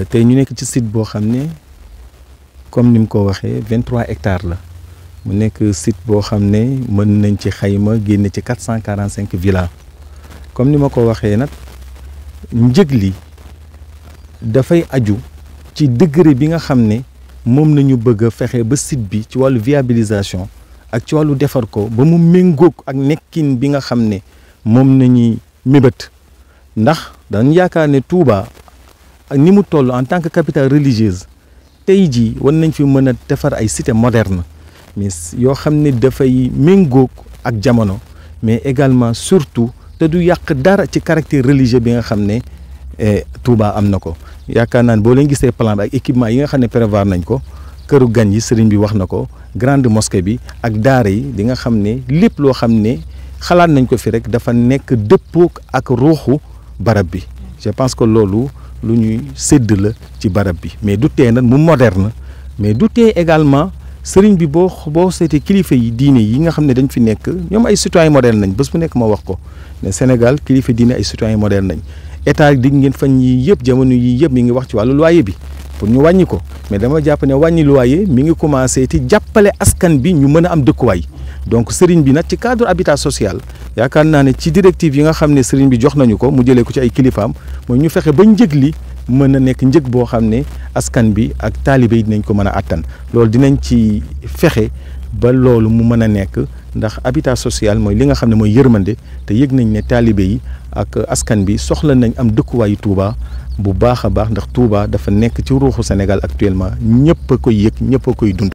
Euh, tey ñu nekk ci site boo xam ne comme ni mu ko waxee vingt trois hectares la mu nekk site boo xam ne mën nañ ci xayma génne ci quatre cent quarante cinq villa comme ni ma ko waxee nag njëg li dafay aju ci degré bi nga xam ne moom nañu bëgg a fexe ba site bi ci wàllu viabilisation ak ci wàllu defar ko ba mu méngoog ak nekkin bi nga xam ne moom nañuy mébét ndax dañ yaakaar ne Touba ak ni mu toll en tant que capital religieuse tey jii war nañ fi mën a defar ay cité moderne mais yoo xam ne dafay méngóog ak jamono mais également surtout te du yàq dara ci caractère religieux bi nga xam ne eh, Touba am na ko yaakaar naa ne boo leen gisee plan bi ak équipement yi nga xam ne prévoir nañ ko kër gan yi sëriñ bi wax na ko grande mosquée bi ak daara yi di nga xam ne lépp loo xam ne xalaat nañ ko fi rek dafa nekk dëppook ak ruuxu barab bi je pense que lu ñuy sédd la ci barab bi mais du tee nag mu moderne mais du tee également sëriñ bi boo boo seetee kilifa yi diine yi nga xam ne dañ fi nekk ñoom ay citoyen moderne nañ bés bu nekk ma wax ko ne Sénégal kilifa diine ay citoyen moderne nañ état dig ngeen fañ yi yëpp jamono yii yëpp mi ngi wax ci wàllu loyer bi pour ñu wàññi ko mais dama jàpp ne wàññi loyer mi ngi commencé ci jàppale askan bi ñu mën a am dëkkuwaay donc sëriñ bi nag ci cadre habitat social yaakaar naa ne ci directive yi nga xam ne sëriñ bi jox nañu ko mu jëlee ko ci ay kilifaam mooy ñu fexe ba njëg li mën a nekk njëg boo xam ne askan bi ak taalibe yi dinañ ko mën a àttan loolu dinañ ci fexe ba loolu mu mën a nekk ndax habitat social mooy li nga xam ne mooy yërmande te yëg nañ ne taalibe yi ak askan bi soxla nañ am dëkkuwaayu Touba bu baax a baax ndax Touba dafa nekk ci ruuxu Sénégal actuellement ñëpp a koy yëg ñëpp a koy dund.